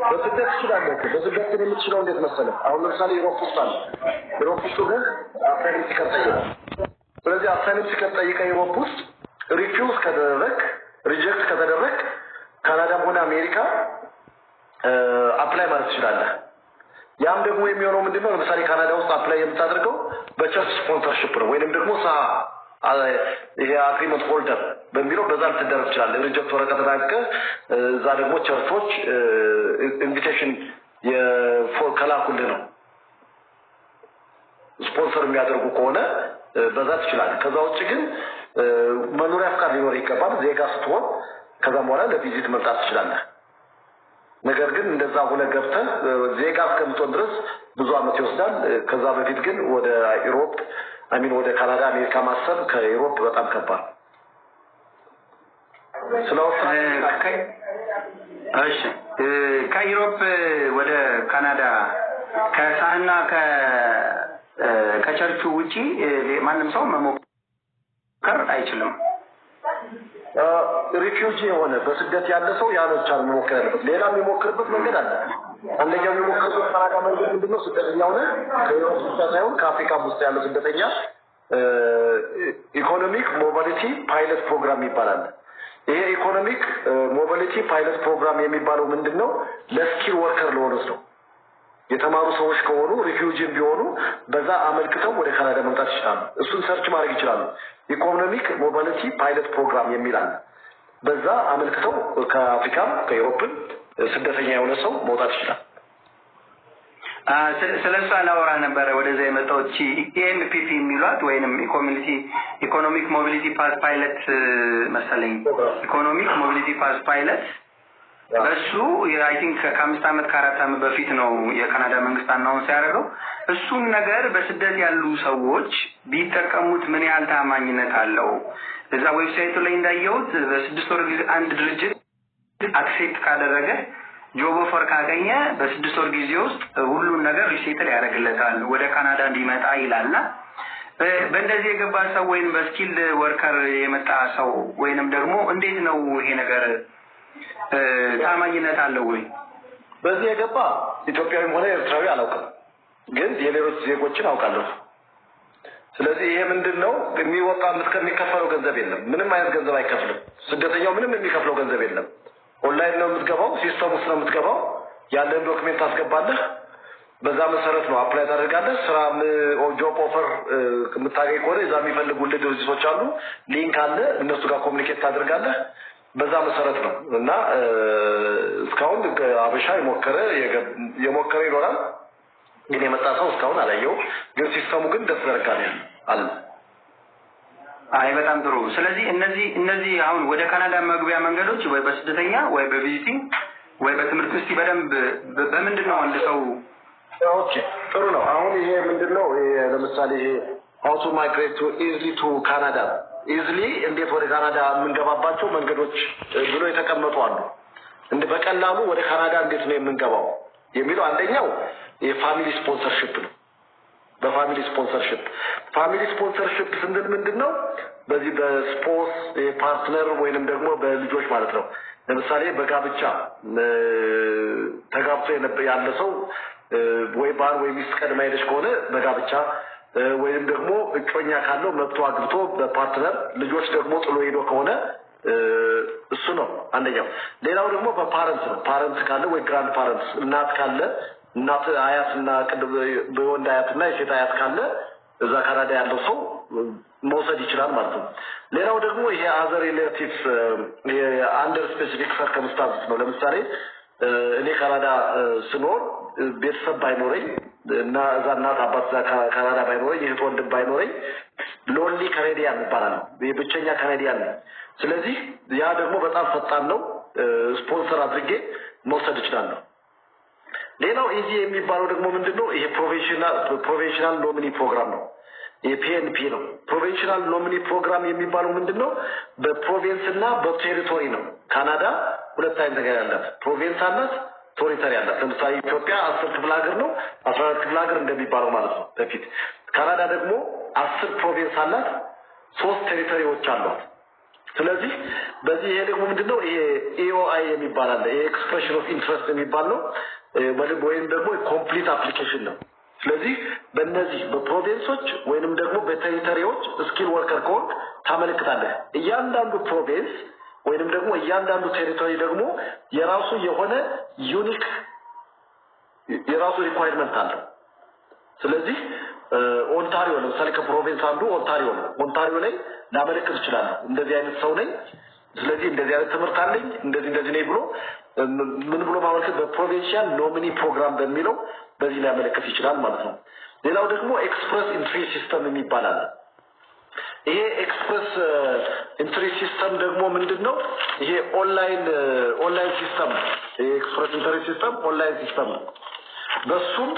በስደት ትችላለህ። በስደት ግን የምትችለው እንዴት መሰለህ? አሁን ለምሳሌ ሮክ ውስጥ አለ። ሮክ ውስጡ ግን አሳይለም ሲቀጠይ ነው። ስለዚህ አሳይለም ሲቀጠይ ከሮክ ውስጥ ሪፊውዝ ከተደረግ ሪጀክት ከተደረግ ካናዳም ሆነ አሜሪካ አፕላይ ማለት ትችላለህ። ያም ደግሞ የሚሆነው ምንድነው? ለምሳሌ ካናዳ ውስጥ አፕላይ የምታደርገው በቸርች ስፖንሰርሽፕ ነው ወይንም ደግሞ ሰሃ ይሄ አግሪመንት ሆልደር በሚለው በዛ ልትደረግ ትችላለህ። ሪጀክት ወረቀት ናቀ እዛ ደግሞ ቸርቾች ኢንቪቴሽን የፎር ከላኩልህ ነው ስፖንሰር የሚያደርጉ ከሆነ በዛ ትችላለ። ከዛ ውጭ ግን መኖሪያ ፍቃድ ሊኖር ይገባል። ዜጋ ስትሆን ከዛም በኋላ ለቪዚት መምጣት ትችላለህ። ነገር ግን እንደዛ ሁለ ገብተን ዜጋ እስከምትሆን ድረስ ብዙ አመት ይወስዳል። ከዛ በፊት ግን ወደ ኢሮፕ አሚን ወደ ካናዳ አሜሪካ ማሰብ ከዩሮፕ በጣም ከባድ እሺ ከዩሮፕ ወደ ካናዳ ከሳህና ከቸርቹ ውጪ ማንም ሰው መሞከር አይችልም። ሪፊውጂ የሆነ በስደት ያለ ሰው ያለቻል መሞከር ያለበት። ሌላ የሚሞክርበት መንገድ አለ። አንደኛው የሚሞክሩት ፈራዳ መንገድ ነው? ስደተኛው ነ ከዩሮፕ ብቻ ሳይሆን ከአፍሪካም ውስጥ ያለው ስደተኛ ኢኮኖሚክ ሞባሊቲ ፓይለት ፕሮግራም ይባላል። ይሄ ኢኮኖሚክ ሞባሊቲ ፓይለት ፕሮግራም የሚባለው ምንድን ነው? ለስኪል ወርከር ለሆኑት ነው። የተማሩ ሰዎች ከሆኑ ሪፊውጂም ቢሆኑ በዛ አመልክተው ወደ ካናዳ መምጣት ይችላሉ። እሱን ሰርች ማድረግ ይችላሉ። ኢኮኖሚክ ሞባሊቲ ፓይለት ፕሮግራም የሚል አለ። በዛ አመልክተው ከአፍሪካም ከኤሮፕን ስደተኛ የሆነ ሰው መውጣት ይችላል። ስለ እሷ ላወራ ነበረ ወደዛ የመጣዎች ኤምፒፒ e የሚሏት ወይንም ኢኮሚኒቲ ኢኮኖሚክ ሞቢሊቲ ፓስ ፓይለት መሰለኝ ኢኮኖሚክ ሞቢሊቲ ፓስ ፓይለት እሱ አይ ቲንክ ከአምስት ዓመት ከአራት ዓመት በፊት ነው የካናዳ መንግስት አናውን ሲያደርገው እሱን ነገር በስደት ያሉ ሰዎች ቢጠቀሙት ምን ያህል ታማኝነት አለው? እዛ ዌብሳይቱ ላይ እንዳየሁት በስድስት ወር ጊዜ አንድ ድርጅት አክሴፕት ካደረገ ጆብ ኦፈር ካገኘ በስድስት ወር ጊዜ ውስጥ ሁሉን ነገር ሪሴትል ያደርግለታል ወደ ካናዳ እንዲመጣ ይላልና በእንደዚህ የገባ ሰው ወይም በስኪል ወርከር የመጣ ሰው ወይንም ደግሞ እንዴት ነው ይሄ ነገር ታማኝነት አለው ወይ? በዚህ የገባ ኢትዮጵያዊም ሆነ ኤርትራዊ አላውቅም፣ ግን የሌሎች ዜጎችን አውቃለሁ። ስለዚህ ይሄ ምንድን ነው የሚወጣ ከሚከፈለው ገንዘብ የለም። ምንም አይነት ገንዘብ አይከፍልም። ስደተኛው ምንም የሚከፍለው ገንዘብ የለም። ኦንላይን ነው የምትገባው፣ ሲስተም ውስጥ ነው የምትገባው። ያለን ዶክሜንት ታስገባለህ። በዛ መሰረት ነው አፕላይ ታደርጋለህ። ስራ ጆብ ኦፈር የምታገኝ ከሆነ እዛ የሚፈልጉ ድርጅቶች አሉ፣ ሊንክ አለ። እነሱ ጋር ኮሚኒኬት ታደርጋለህ። በዛ መሰረት ነው እና እስካሁን አበሻ የሞከረ የሞከረ ይኖራል፣ ግን የመጣ ሰው እስካሁን አላየው። ግን ሲስተሙ ግን ደስ ዘርጋል አለ አይ በጣም ጥሩ። ስለዚህ እነዚህ እነዚህ አሁን ወደ ካናዳ መግቢያ መንገዶች ወይ በስደተኛ ወይ በቪዚቲንግ ወይ በትምህርት ውስጥ በደንብ በምንድን ነው አንድ ሰው ኦኬ፣ ጥሩ ነው። አሁን ይሄ ምንድን ነው? ለምሳሌ ይሄ ሀው ቱ ማይግሬት ቱ ኢዝሊ ቱ ካናዳ ኢዝሊ እንዴት ወደ ካናዳ የምንገባባቸው መንገዶች ብሎ የተቀመጡ አሉ። በቀላሉ ወደ ካናዳ እንዴት ነው የምንገባው የሚለው አንደኛው የፋሚሊ ስፖንሰርሽፕ ነው። በፋሚሊ ስፖንሰርሽፕ ፋሚሊ ስፖንሰርሽፕ ስንል ምንድን ነው? በዚህ በስፖርት ፓርትነር ወይንም ደግሞ በልጆች ማለት ነው። ለምሳሌ በጋብቻ ተጋብቶ ያለ ሰው ወይ ባል ወይ ሚስት ቀድማ ሄደች ከሆነ በጋብቻ ወይም ደግሞ እጮኛ ካለው መብቶ አግብቶ በፓርትነር ልጆች ደግሞ ጥሎ ሄዶ ከሆነ እሱ ነው አንደኛው። ሌላው ደግሞ በፓረንት ነው። ፓረንት ካለ ወይ ግራንድ ፓረንት እናት ካለ እናት አያትና ቅድም በወንድ አያትና የሴት አያት ካለ እዛ ካናዳ ያለው ሰው መውሰድ ይችላል ማለት ነው። ሌላው ደግሞ ይሄ አዘር ሪሌቲቭ አንደር ስፔሲፊክ ሰርከምስታንስ ነው። ለምሳሌ እኔ ካናዳ ስኖር ቤተሰብ ባይኖረኝ እና እዛ እናት አባት ካናዳ ባይኖረኝ እህት ወንድም ባይኖረኝ ሎንሊ ካናዲያን ይባላል። የብቸኛ ካናዲያን ነው። ስለዚህ ያ ደግሞ በጣም ፈጣን ነው። ስፖንሰር አድርጌ መውሰድ እችላለሁ። ሌላው ኢዚ የሚባለው ደግሞ ምንድን ነው? ይሄ ፕሮፌሽናል ኖሚኒ ፕሮግራም ነው። የፒኤንፒ ነው። ፕሮፌሽናል ኖሚኒ ፕሮግራም የሚባለው ምንድን ነው? በፕሮቬንስ እና በቴሪቶሪ ነው። ካናዳ ሁለት አይነት ነገር ያላት ፕሮቬንስ አላት፣ ቶሪተሪ አላት። ለምሳሌ ኢትዮጵያ አስር ክፍለ ሀገር ነው፣ አስራ አራት ክፍለ ሀገር እንደሚባለው ማለት ነው በፊት። ካናዳ ደግሞ አስር ፕሮቬንስ አላት፣ ሶስት ቴሪቶሪዎች አሏት። ስለዚህ በዚህ ይሄ ደግሞ ምንድነው ይሄ ኤኦአይ የሚባል አለ። ኤክስፕሬሽን ኦፍ ኢንትረስት የሚባል ነው ወይም ደግሞ ኮምፕሊት አፕሊኬሽን ነው። ስለዚህ በእነዚህ በፕሮቬንሶች ወይንም ደግሞ በቴሪተሪዎች ስኪል ወርከር ከሆንክ ታመለክታለህ። እያንዳንዱ ፕሮቬንስ ወይንም ደግሞ እያንዳንዱ ቴሪቶሪ ደግሞ የራሱ የሆነ ዩኒክ የራሱ ሪኳይርመንት አለው። ስለዚህ ኦንታሪዮ ለምሳሌ ከፕሮቬንስ አንዱ ኦንታሪዮ ነው። ኦንታሪዮ ላይ ላመለክት እችላለሁ እንደዚህ አይነት ሰው ነኝ ስለዚህ እንደዚህ አይነት ትምህርት አለኝ እንደዚህ እንደዚህ ነኝ ብሎ ምን ብሎ ማመልከት በፕሮቪንሺያል ኖሚኒ ፕሮግራም በሚለው በዚህ ሊያመለከት ይችላል ማለት ነው። ሌላው ደግሞ ኤክስፕረስ ኢንትሪ ሲስተም የሚባላል። ይሄ ኤክስፕረስ ኢንትሪ ሲስተም ደግሞ ምንድን ነው? ይሄ ኦንላይን ኦንላይን ሲስተም ኤክስፕረስ ኢንትሪ ሲስተም ኦንላይን ሲስተም ነው። በሱም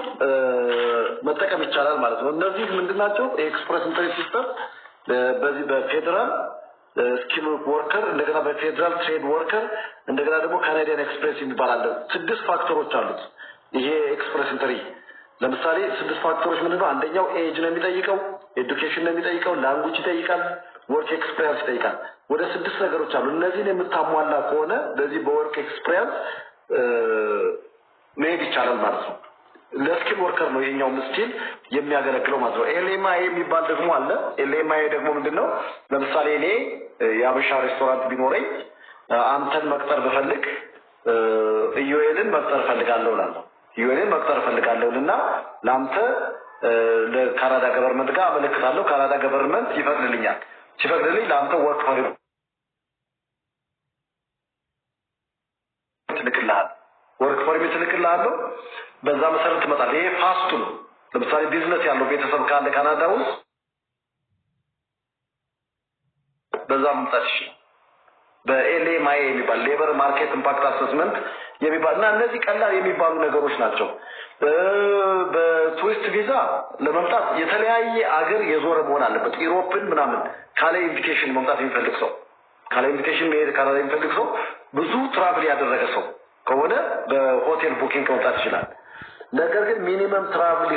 መጠቀም ይቻላል ማለት ነው። እነዚህ ምንድን ናቸው? የኤክስፕረስ ኢንትሪ ሲስተም በዚህ በፌዴራል ስኪም ወርከር እንደገና በፌዴራል ትሬድ ወርከር እንደገና ደግሞ ካናዲያን ኤክስፕሬስ የሚባላለ ስድስት ፋክተሮች አሉት። ይሄ ኤክስፕሬስ ኢንትሪ ለምሳሌ ስድስት ፋክተሮች ምንድነው? አንደኛው ኤጅ ነው የሚጠይቀው፣ ኤዱኬሽን ነው የሚጠይቀው፣ ላንጉጅ ይጠይቃል፣ ወርክ ኤክስፕሪያንስ ይጠይቃል። ወደ ስድስት ነገሮች አሉ። እነዚህን የምታሟላ ከሆነ በዚህ በወርክ ኤክስፕሪያንስ መሄድ ይቻላል ማለት ነው። ለስኪል ወርከር ነው ይሄኛው ምስኪል የሚያገለግለው ማለት ነው። ኤልኤምአይ የሚባል ደግሞ አለ። ኤልኤምአይ ደግሞ ምንድን ነው? ለምሳሌ እኔ የአበሻ ሬስቶራንት ቢኖረኝ አንተን መቅጠር ብፈልግ ኢዮኤልን መቅጠር እፈልጋለሁ እላለሁ። ኢዮኤልን መቅጠር እፈልጋለሁ እና ለአንተ ከካናዳ ገቨርንመንት ጋር አመለክታለሁ። ካናዳ ገቨርንመንት ይፈቅድልኛል። ሲፈቅድልኝ ለአንተ ወርክ ፈሪ ወርክ ፐርሚት እልክልሃለሁ፣ በዛ መሰረት ትመጣለህ። ይሄ ፋስቱ ነው። ለምሳሌ ቢዝነስ ያለው ቤተሰብ ካለ ካናዳ ውስጥ በዛ መምጣት ይችላል። በኤልኤ ማይ የሚባል ሌበር ማርኬት ኢምፓክት አሰስመንት የሚባል እና እነዚህ ቀላል የሚባሉ ነገሮች ናቸው። በቱሪስት ቪዛ ለመምጣት የተለያየ አገር የዞረ መሆን አለበት። ኢሮፕን ምናምን ካለ ኢንቪቴሽን መምጣት የሚፈልግ ሰው ካለ ኢንቪቴሽን መሄድ ካናዳ የሚፈልግ ሰው ብዙ ትራቭል ያደረገ ሰው ከሆነ በሆቴል ቡኪንግ መውጣት ይችላል። ነገር ግን ሚኒመም ትራቭል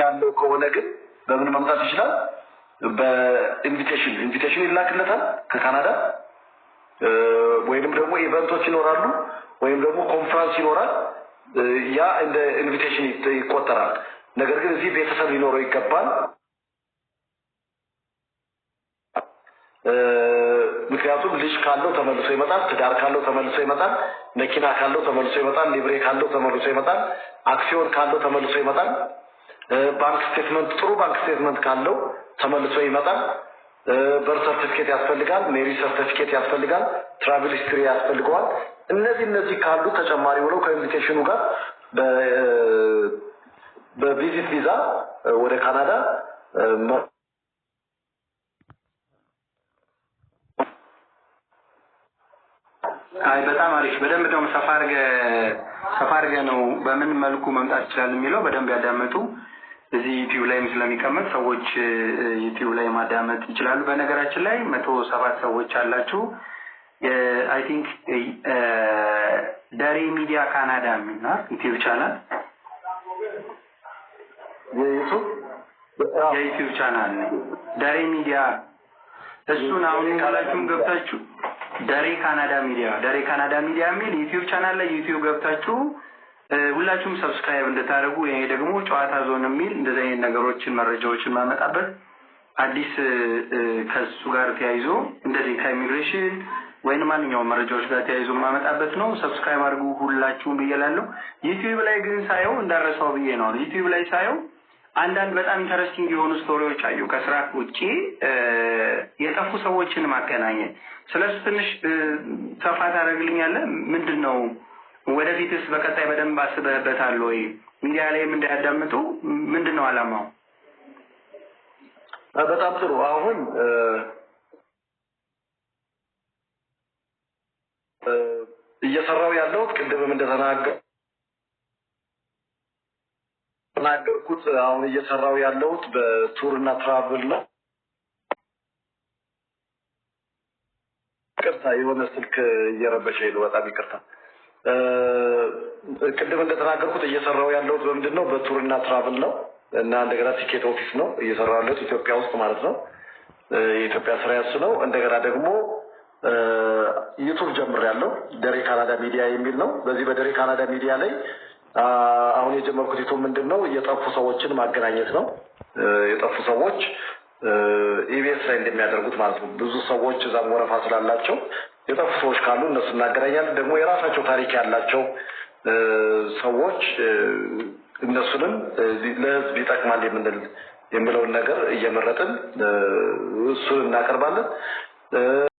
ያለው ከሆነ ግን በምን መምጣት ይችላል? በኢንቪቴሽን ኢንቪቴሽን ይላክለታል ከካናዳ ወይንም ደግሞ ኢቨንቶች ይኖራሉ ወይም ደግሞ ኮንፈረንስ ይኖራል። ያ እንደ ኢንቪቴሽን ይቆጠራል። ነገር ግን እዚህ ቤተሰብ ሊኖረው ይገባል። ምክንያቱም ልጅ ካለው ተመልሶ ይመጣል፣ ትዳር ካለው ተመልሶ ይመጣል፣ መኪና ካለው ተመልሶ ይመጣል፣ ሊብሬ ካለው ተመልሶ ይመጣል፣ አክሲዮን ካለው ተመልሶ ይመጣል፣ ባንክ ስቴትመንት፣ ጥሩ ባንክ ስቴትመንት ካለው ተመልሶ ይመጣል። በር ሰርቲፊኬት ያስፈልጋል፣ ሜሪ ሰርቲፊኬት ያስፈልጋል፣ ትራቭል ሂስትሪ ያስፈልገዋል። እነዚህ እነዚህ ካሉ ተጨማሪ ብለው ከኢንቪቴሽኑ ጋር በቪዚት ቪዛ ወደ ካናዳ አይ በጣም አሪፍ። በደንብ ደግሞ ሰፋርገ ሰፋርገ ነው በምን መልኩ መምጣት ይችላል የሚለው በደንብ ያዳመጡ እዚህ ዩቲዩብ ላይም ስለሚቀመጥ ሰዎች ዩቲዩብ ላይ ማዳመጥ ይችላሉ። በነገራችን ላይ መቶ ሰባት ሰዎች አላችሁ። አይ ቲንክ ደሬ ሚዲያ ካናዳ የሚና ዩቲዩብ ቻናል የዩቲዩብ ቻናል ደሬ ሚዲያ እሱን አሁን ካላችሁም ገብታችሁ ደሬ ካናዳ ሚዲያ ነው። ደሬ ካናዳ ሚዲያ የሚል ዩቲዩብ ቻናል ላይ ዩቲዩብ ገብታችሁ ሁላችሁም ሰብስክራይብ እንድታደርጉ። ይሄ ደግሞ ጨዋታ ዞን የሚል እንደዚህ አይነት ነገሮችን መረጃዎችን ማመጣበት አዲስ ከሱ ጋር ተያይዞ እንደዚህ ከኢሚግሬሽን ወይም ማንኛውም መረጃዎች ጋር ተያይዞ ማመጣበት ነው። ሰብስክራይብ አድርጉ ሁላችሁም ብዬ እላለሁ። ዩቲዩብ ላይ ግን ሳየው እንዳረሳው ብዬ ነው ዩቲዩብ ላይ ሳየው አንዳንድ በጣም ኢንተረስቲንግ የሆኑ ስቶሪዎች አዩ። ከስራ ውጭ የጠፉ ሰዎችን ማገናኘት ስለሱ ትንሽ ሰፋ ታደርግልኛለህ? ምንድን ነው ወደፊትስ በቀጣይ በደንብ አስበህበታል ወይ? ሚዲያ ላይም እንዳያዳምጡ ምንድን ነው አላማው? በጣም ጥሩ። አሁን እየሰራው ያለውት ቅድምም እንደተናገር የተናገርኩት አሁን እየሰራው ያለሁት በቱር እና ትራቭል ነው። ይቅርታ የሆነ ስልክ እየረበሸ ሄዱ። በጣም ይቅርታ። ቅድም እንደተናገርኩት እየሰራው ያለሁት በምንድን ነው? በቱር እና ትራቭል ነው እና እንደገና ቲኬት ኦፊስ ነው እየሰራው ያለሁት ኢትዮጵያ ውስጥ ማለት ነው። የኢትዮጵያ ስራ ያሱ ነው። እንደገና ደግሞ ዩቱብ ያለው ደሬ ካናዳ ሚዲያ የሚል ነው። በዚህ በደሬ ካናዳ ሚዲያ ላይ አሁን የጀመርኩት ዩቱብ ምንድን ነው የጠፉ ሰዎችን ማገናኘት ነው። የጠፉ ሰዎች ኢቢኤስ ላይ እንደሚያደርጉት ማለት ነው። ብዙ ሰዎች እዛም ወረፋ ስላላቸው የጠፉ ሰዎች ካሉ እነሱ እናገናኛለን። ደግሞ የራሳቸው ታሪክ ያላቸው ሰዎች እነሱንም ለህዝብ ይጠቅማል የምንል የምለውን ነገር እየመረጥን እሱን እናቀርባለን።